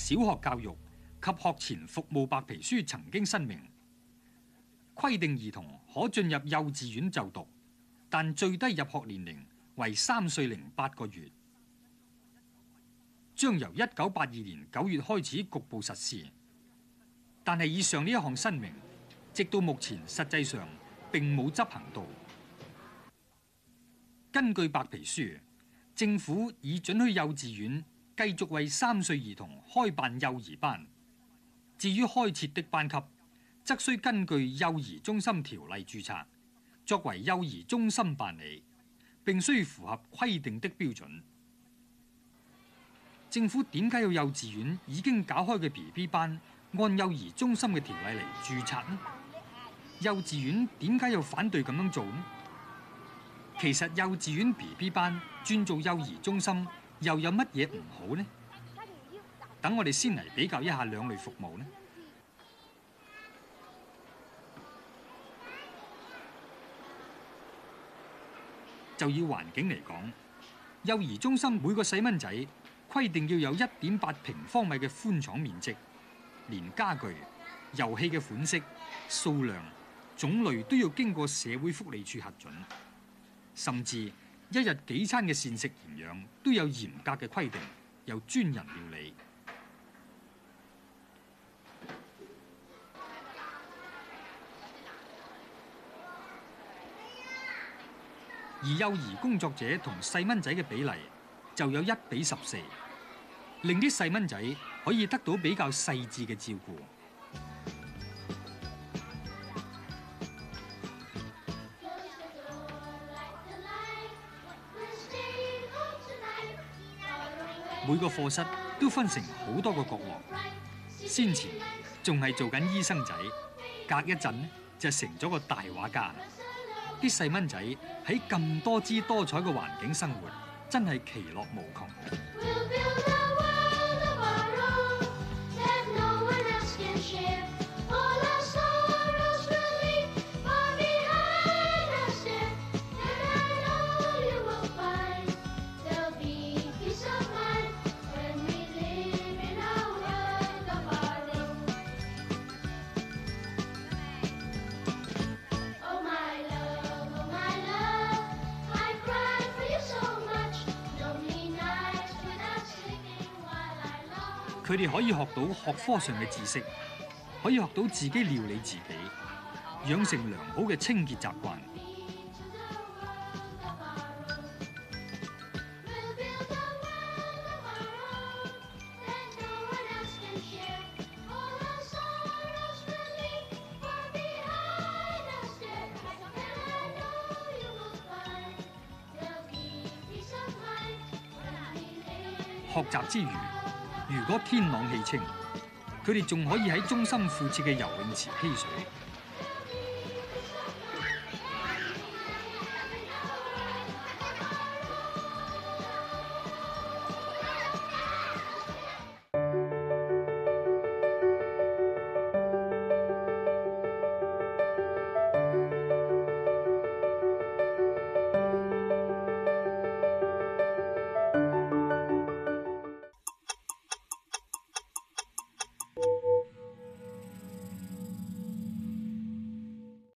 小學教育及學前服務白皮書曾經申明，規定兒童可進入幼稚園就讀，但最低入學年齡為三歲零八個月，將由一九八二年九月開始局部實施。但係以上呢一項申明，直到目前實際上並冇執行到。根據白皮書，政府已准許幼稚園，繼續為三歲兒童開辦幼兒班。至於開設的班級，則需根據幼兒中心條例註冊，作為幼兒中心辦理，並需符合規定的標準。政府點解要幼稚園已經搞開嘅 BB 班按幼兒中心嘅條例嚟註冊呢？幼稚園點解要反對咁樣做？其實幼稚園 BB 班轉做幼兒中心。又有乜嘢唔好呢？等我哋先嚟比較一下兩類服務呢？就以環境嚟講，幼兒中心每個細蚊仔規定要有一點八平方米嘅寬敞面積，連家具、遊戲嘅款式、數量、種類都要經過社會福利處核準，甚至。一日幾餐嘅膳食營養都有嚴格嘅規定，由專人料理。而幼兒工作者同細蚊仔嘅比例就有一比十四，令啲細蚊仔可以得到比較細緻嘅照顧。每個課室都分成好多個角落，先前仲係做緊醫生仔，隔一陣就成咗個大畫家。啲細蚊仔喺咁多姿多彩嘅環境生活，真係其樂無窮。佢哋可以學到學科上嘅知識，可以學到自己料理自己，養成良好嘅清潔習慣。 學習之餘。如果天朗氣清，佢哋仲可以喺中心附設嘅游泳池嬉水。